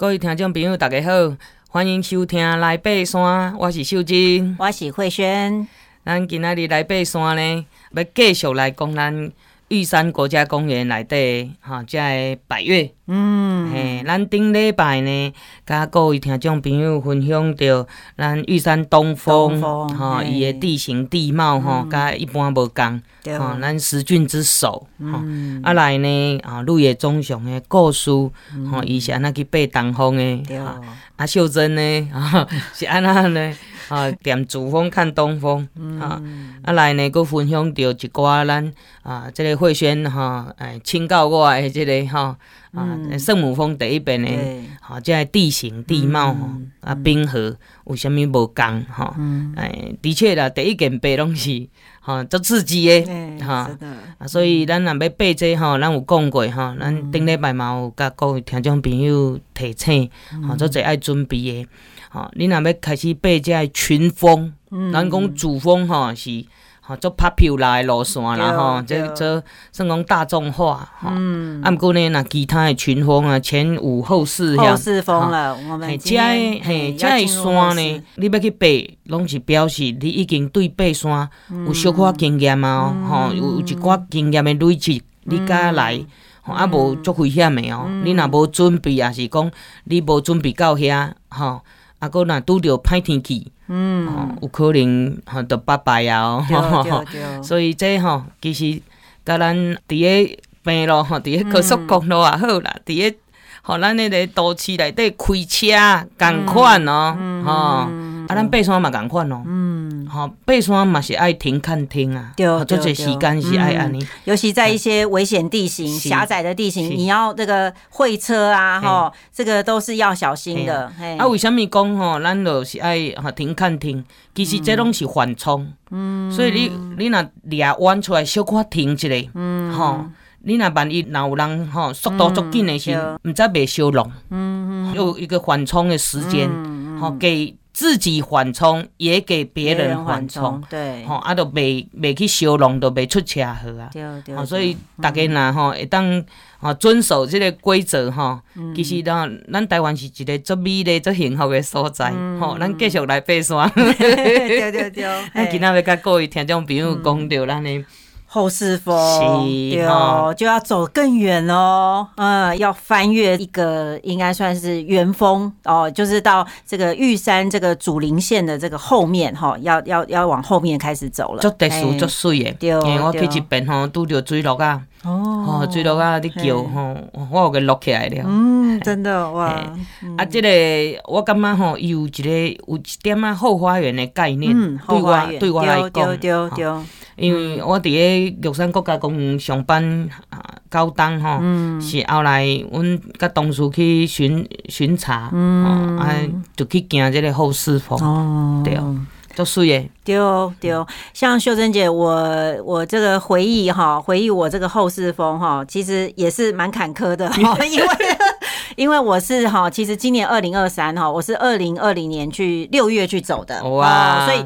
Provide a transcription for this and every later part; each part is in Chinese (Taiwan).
各位聽眾朋友，大家好，歡迎收聽《來爬山》，我是秀真，我是慧諼。咱今天來爬山呢，要繼續來講咱。玉山國家公園內底，吼，即個百岳，嗯，嘿，咱頂禮拜呢，甲各位聽眾朋友分享到，咱玉山東峰，吼，伊的地形地貌，吼，甲一般無共，哈，咱十峻之首，吼，啊來呢，啊，鹿野忠雄的故事，吼，伊是安那去爬東峰的，啊，啊秀真呢，啊，是安那呢？啊，踮主峰看東風，啊，啊來呢，佮分享着一寡咱啊，即個慧諼哈，哎，請教我的即個哈，啊，聖母峰第一遍呢，吼，即地形地貌，啊，冰河有啥物無共哈，哎，的確啦，第一件白攏是哈，足刺激的，哈，所以咱若要爬這，吼，咱有講過，吼，咱頂禮拜嘛有甲各位聽眾朋友提醒，吼，足儕愛準備的。吼，恁若要開始爬這群峰，咱講主峰吼，是，吼做拍票來路線啦吼，這這算講大眾化。吼，啊毋過呢，若其他的群峰啊，前五後四後四峰了。我們在遮的山呢，你要去爬，攏是表示你已經對爬山有小可經驗啊，吼，有有一寡經驗的累積，你敢來？吼，啊，無足危險的哦。你若無準備，也是講你無準備到遐，吼。啊，個若拄着歹天氣，嗯、哦，有可能互著拜拜啊，哦爸爸哦、對對對。哦、所以這吼、哦，其實，甲咱佇個平路吼，佇個高速公路也好啦，佇個互咱迄個都市內底開車，共款哦。吼、嗯，啊咱爬山嘛共款哦。好，爬山嘛是愛停看停啊，對，就是時間是愛安尼。尤其在一些危險地形，狹窄的地形，你要這個會車啊，哈，這個都是要小心的。啊，為什麼講吼？咱就是愛哈停看停，其實這攏是緩衝。嗯，所以你你若倆彎出來，小可停一下，嗯，哈，你若萬一若有人哈，速度足緊的時，唔則未燒路。嗯嗯，有一個緩衝的時間，嗯，好給。自己緩衝，也給別人緩衝，對吼、哦，啊沒，都未未去燒龍，都未出車禍啊，對對、對、哦，所以大家吶吼會當哈遵守這個規則吼。嗯、其實咱咱台灣是一個足美麗足幸福的所在，吼、嗯，咱繼、哦、續來爬山，對對對， 今仔日甲各位聽眾朋友講到咱的。後四峰，哦，就要走更遠哦，嗯，要翻越一個應該算是圓峰哦，就是到這個玉山這個主稜線的這個後面哈，要要要往後面開始走了。做地樹做水誒，丟我去一邊吼，拄着墜落啊，哦，吼，墜落啊，滴叫吼，我有給落起來了。嗯，真的哇。啊，這個我感覺吼，又一個有一點啊後花園的概念，嗯，對，我對我來講，丢丢丢。因為我在誒玉山國家公園上班高，到冬吼，是後來阮同事去巡巡查，啊、嗯，就、哦、去行這個後四峰、哦，對哦，足水誒，對哦對哦，像秀珍姐，我我這個回憶哈，回憶我這個後四峰哈，其實也是蠻坎坷的，因為因為，因為我是哈，其實今年二零二三哈，我是二零二零年去六月去走的，哇、哦啊哦，所以。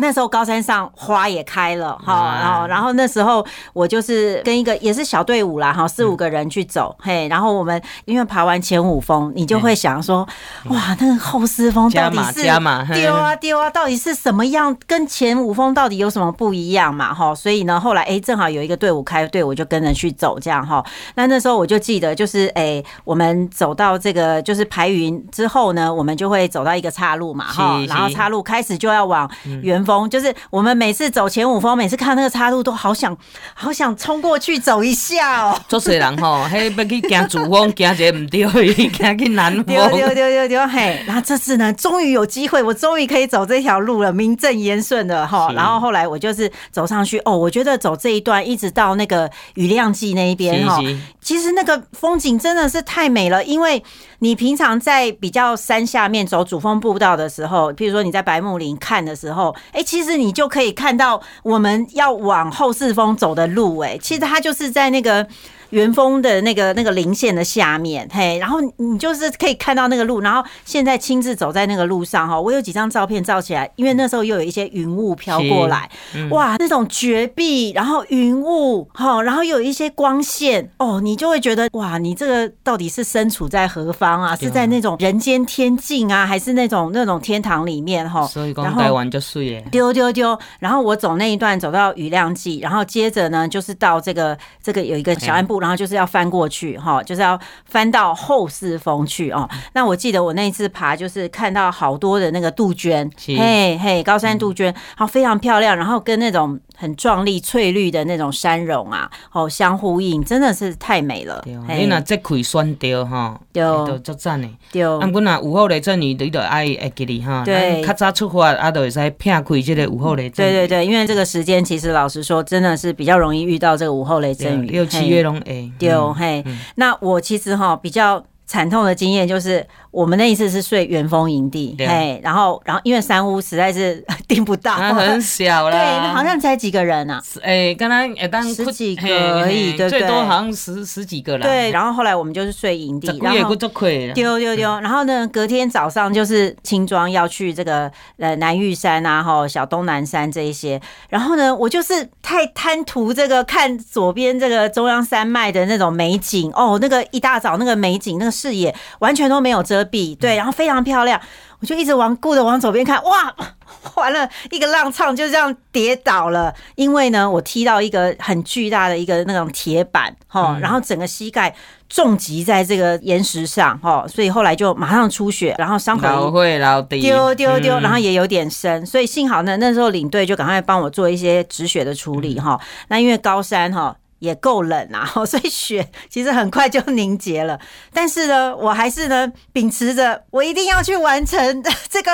那時候高山上花也開了，哈，啊、然後，然後那時候我就是跟一個也是小隊伍啦，哈，四五個人去走，嗯、嘿，然後我們因為爬完前五峰，你就會想說，嗯、哇，那個後四峰到底是丟啊丟啊，到底是什麼樣，跟前五峰到底有什麼不一樣嘛，哈，所以呢，後來哎，正好有一個隊伍開隊，我就跟着去走，這樣哈，那那時候我就記得就是哎，我們走到這個就是排雲之後呢，我們就會走到一個岔路嘛，哈，是是然後岔路開始就要往圓。峰就是我們每次走前五峰，每次看那個岔路都好想好想衝過去走一下，喔、哦。做水人哈，嘿，要去見主峰，見這不對，要去南峰。對對對對對，嘿，然後這次呢，終於有機會，我終於可以走這條路了，名正言順的哈。是然後後來我就是走上去哦，我覺得走這一段一直到那個雨量計那一邊哈，是是其實那個風景真的是太美了，因為你平常在比較山下面走主峰步道的時候，譬如說你在白木林看的時候。哎，其實你就可以看到我們要往後四峰走的路，哎，其實他就是在那個。圓峰的那個那個林線的下面，嘿，然後你就是可以看到那個路，然後現在親自走在那個路上哈，我有幾張照片照起來，因為那時候又有一些雲霧飄過來，嗯、哇，那種絕壁，然後雲霧哈，然後又有一些光線哦、喔，你就會覺得哇，你這個到底是身處在何方啊？對是在那種人間天境啊，還是那種那種天堂裡面哈？所以講台灣就水耶，丟丟丟，然後我走那一段走到雨量計，然後接着呢就是到這個這個有一個小安步。然後就是要翻過去，哈、哦，就是要翻到後四峰去哦。那我記得我那一次爬，就是看到好多的那個杜鵑，嘿嘿是，hey, hey, 高山杜鵑，好、嗯、非常漂亮，然後跟那種。很壯麗、翠綠的那種山容啊，哦，相呼應，真的是太美了。對，你那、哦、對可以算掉哈，有就讚的，有。啊，不啦，午後雷陣雨得要愛愛吉利哈，對，較早出發啊，都會使避開這個午後雷陣雨，嗯。對對對，因為這個時間其實老實說，真的是比較容易遇到這個午後雷陣雨。六七月龍哎，嘿嗯、對，嗯、嘿，嗯、那我其實哈比較慘痛的經驗就是。我們那一次是睡圓峰營地，哎、啊，然後，然後因為山屋實在是訂不到，很小了，對，好像才幾個人呢、啊，哎、欸，剛剛哎，當十幾個而已，嘿嘿對最多好像十十幾個啦。對，然後後來我們就是睡營地，然後丟丢丢，然後呢，隔天早上就是輕裝要去這個呃南玉山啊，吼、哦、小東南山這一些，然後呢，我就是太貪圖這個看左邊這個中央山脈的那種美景哦，那個一大早那個美景那個視野完全都沒有遮蔽。筆對，然後非常漂亮，我就一直顧著往左邊看，哇，完了，一個踉蹌就這樣跌倒了，因為呢，我踢到一個很巨大的一個那種鐵板哈，嗯、然後整個膝蓋重擊在這個岩石上哈，所以後來就馬上出血，然後傷口老會老丟丟丟，丟，然後也有點深，嗯、所以幸好呢，那時候領隊就趕快幫我做一些止血的處理哈、嗯哦，那因為高山哈、哦。也夠冷啊，所以雪其實很快就凝結了。但是呢，我還是呢秉持着我一定要去完成。 這個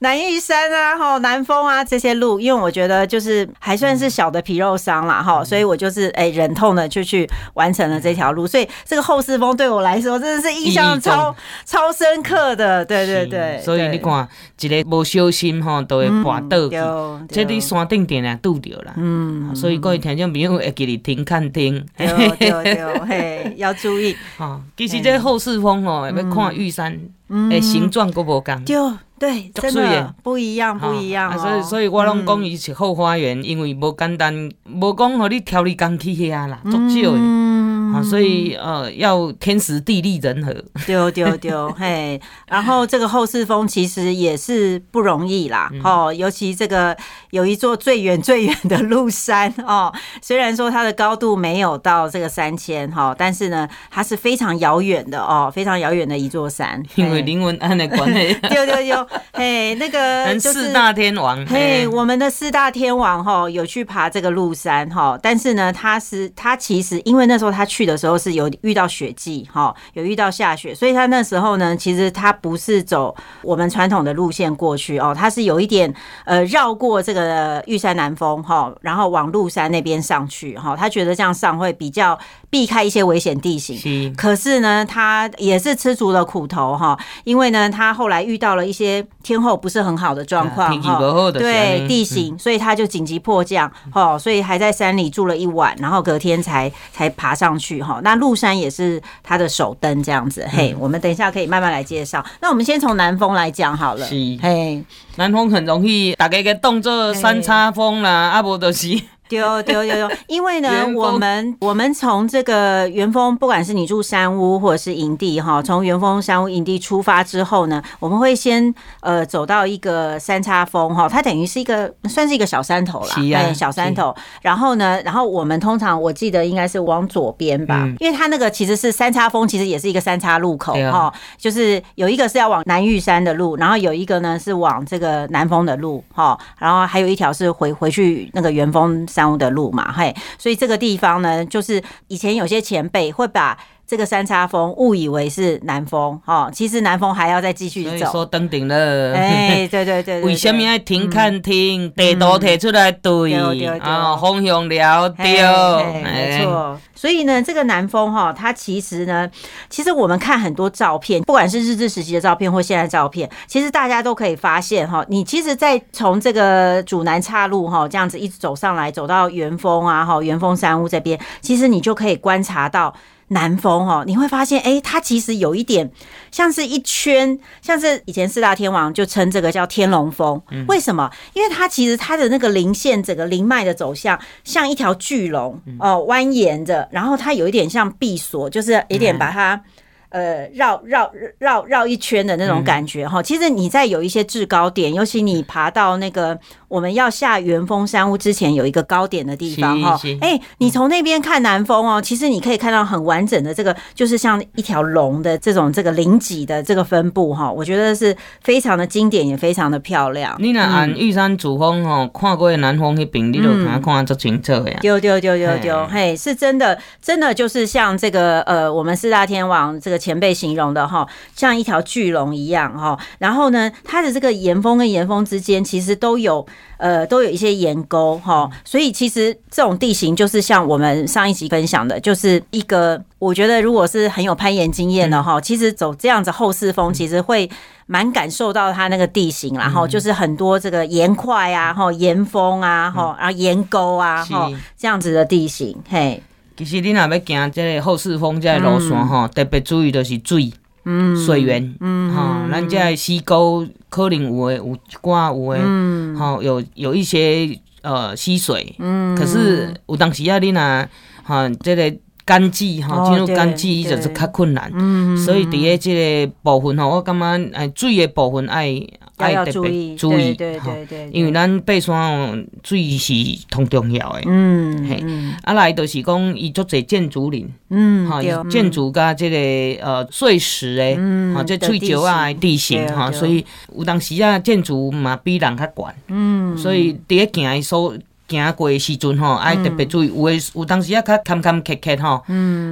南玉山啊，南峰啊，這些路，因為我覺得就是還算是小的皮肉傷啦哈，嗯、所以我就是哎、欸、忍痛的就去完成了這條路，所以這個後四峰對我來說真的是印象超超深刻的，對對對。所以你看，對一個不小心哈、喔、都會跌倒這裡山頂點啊，堵掉了。嗯，所以各位聽眾朋友，記得聽、看、聽。對、哦、對、哦、對、哦， 嘿，要注意啊。其實這個後四峰哦、喔，要看玉山。嗯嗯、形狀都無共，對，真的不一樣，不一樣、哦啊。所以，所以我攏說伊是後花園，嗯、因為無簡單，無講你調理空氣遐啦，足少、嗯、的。嗯啊，所以呃，要天時地利人和，丟丟丟嘿。然後這個後四峰其實也是不容易啦，哦，尤其這個有一座最遠最遠的鹿山哦，雖然說它的高度沒有到這個三千哈，但是呢，它是非常遙遠的哦，非常遙遠的一座山，因為林文安的關係，丟丟丟嘿，那個四、就是、大天王嘿，嘿我們的四大天王哈有去爬這個鹿山哈，但是呢，他是他其實因為那時候他去。去的時候是有遇到雪季，哈、哦，有遇到下雪，所以他那時候呢，其實他不是走我們傳統的路線過去哦，他是有一點呃繞過這個玉山南峰，哈、哦，然後往鹿山那邊上去，哈、哦，他覺得這樣上會比較。避開一些危險地形，是可是呢，他也是吃足了苦頭哈，因為呢，他後來遇到了一些天候不是很好的狀況哈，嗯、天對地形，嗯、所以他就緊急迫降哈，所以還在山裡住了一晚，然後隔天才才爬上去哈。那鹿山也是他的首登這樣子，嘿、嗯，hey, 我們等一下可以慢慢來介紹。那我們先從南峰來講好了，嘿是，hey, 南峰很容易打一個動作三叉峰啦，阿 Hey,、啊、不就是。有有有有， 原封 因為呢，我們我們從這個圓峰，不管是你住山屋或者是營地哈，從圓峰山屋營地出發之後呢，我們會先呃走到一個三叉峰哈，它等於是一個算是一個小山頭啦，對，小山頭。然後呢，然後我們通常我記得應該是往左邊吧，因為它那個其實是三叉峰，其實也是一個三叉路口哈，就是有一個是要往南玉山的路，然後有一個呢是往這個南峰的路哈，然後還有一條是回回去那個圓峰山。耽誤的路嘛，嘿，所以這個地方呢，就是以前有些前輩會把，這個三叉峰誤以為是南峰哈，其實南峰還要再繼續走，說登頂了。哎，對對對，為什麼要停看聽？地圖提出來對，啊，方向了對嘿嘿，沒錯。所以呢，這個南峰哈，它其實呢，其實我們看很多照片，不管是日治時期的照片或現在的照片，其實大家都可以發現哈，你其實在從這個主南岔路哈，這樣子一直走上來，走到圓峰啊，哈，圓峰山屋這邊，其實你就可以觀察到。南峰哦，你會發現，哎、欸，它其實有一點像是一圈，像是以前四大天王就稱這個叫天龍峰。嗯、為什麼？因為它其實它的那個稜線，整個稜脈的走向像一條巨龍哦，蜿蜒着，然後它有一點像閉鎖，就是有點把它。呃，繞繞繞繞，繞一圈的那種感覺哈，嗯、其實你在有一些制高點，尤其你爬到那個我們要下圓峰山屋之前有一個高點的地方哈，哎，欸嗯、你從那邊看南峰哦，其實你可以看到很完整的這個，就是像一條龍的這種這個稜脊的這個分布哈，我覺得是非常的經典也非常的漂亮。你呢？按玉山主峰哦，跨、嗯、過南峰那邊，你都看看這景色。呀、嗯。丟丟丟丟丟，嘿對，是真的，真的就是像這個呃，我們四大天王這個。前輩形容的哈，像一條巨龍一樣哈。然後呢，它的這個巖峰跟巖峰之間其實都有呃，都有一些巖溝哈。所以其實這種地形就是像我們上一集分享的，就是一個我覺得如果是很有攀岩經驗的哈，嗯、其實走這樣子後四峰，其實會蠻感受到它那個地形，然後、嗯、就是很多這個巖塊啊，哈，巖峰啊，哈，然後巖溝啊，吼、啊，嗯、這樣子的地形，嘿。其實你若要行即個後四峰即個路線吼，特別注意就是水、嗯、水源，吼。咱即個溪溝可能有誒，有掛有誒，吼有有一些有呃溪水，嗯、可是有當時啊，你若，吼即個。乾季吼，進入乾季伊就是較困難，所以佇誒即個部分吼，我感覺哎水誒部分愛愛特別注意，對對對，因為咱爬山吼，水是通重要誒，嗯，嘿，啊來就是講伊足儕箭竹林，嗯，吼哈，箭竹甲即個呃碎石誒，嗯，吼這碎石啊地形吼，所以有當時啊箭竹嘛比人較懸，嗯，所以第一行一所。行過的時陣吼，愛特別注意，有誒有當時啊較坎坎坷坷吼，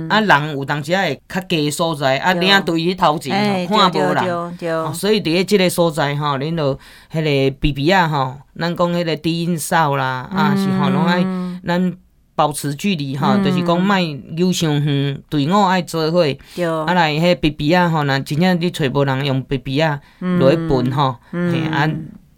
啊人有當時啊會較低的所在，啊領隊伊頭前看無啦，所以佇咧即個所在吼，恁着迄個鼻鼻啊吼，咱講迄個低音哨啦，啊是吼攏愛咱保持距離吼，着是講莫游傷遠，隊伍愛做伙，啊來迄鼻鼻仔吼，若真正汝揣無人用鼻鼻仔落去噴吼，嚇啊。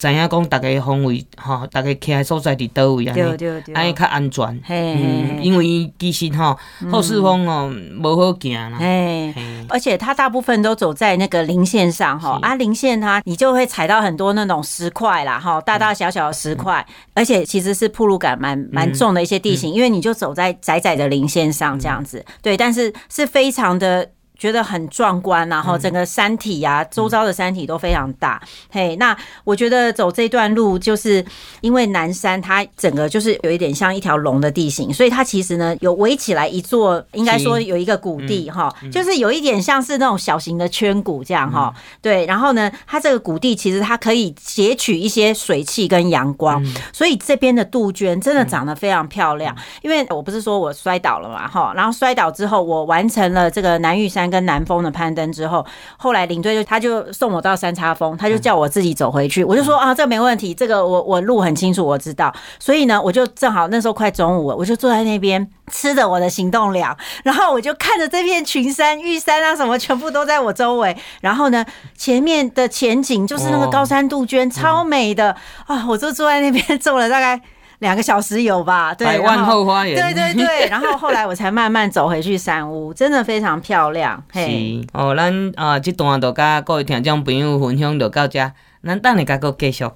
知影講大家方位哈，大家徛，所在佇叨位安尼，安尼較安全。嘿，因為其實哈，後四峰哦，無好行啦。哎，而且它大部分都走在那個稜線上哈，啊稜線它你就會踩到很多那種石塊啦哈，大大小小的石塊，而且其實是暴露感蠻蠻重的一些地形，因為你就走在窄窄的稜線上這樣子。對，但是是非常的。覺得很壯觀，然後整個山體呀、啊，嗯、周遭的山體都非常大。嗯、嘿，那我覺得走這段路，就是因為南山它整個就是有一點像一條龍的地形，所以它其實呢有圍起來一座，其應該說有一個谷地哈、嗯，就是有一點像是那種小型的圈谷這樣哈。嗯、對，然後呢，它這個谷地其實它可以截取一些水汽跟陽光，嗯、所以這邊的杜鵑真的長得非常漂亮。嗯、因為我不是說我摔倒了嘛哈，然後摔倒之後我完成了這個南玉山。跟南峰的攀登之後，後來領隊就他就送我到三叉峰，他就叫我自己走回去。嗯、我就說啊，這個、沒問題，這個我我路很清楚，我知道。所以呢，我就正好那時候快中午了，我就坐在那邊吃著我的行動糧，然後我就看着這片群山玉山啊什麼，全部都在我周圍。然後呢，前面的前景就是那個高山杜鵑，哦、超美的啊！我就坐在那邊坐了大概。兩個小時有吧？對對對對，百萬後花園，對對對。然後後來我才慢慢走回去山屋，真的非常漂亮。行，哦，咱啊、呃，這段就甲各位聽眾朋友分享就到這，咱等下再繼續。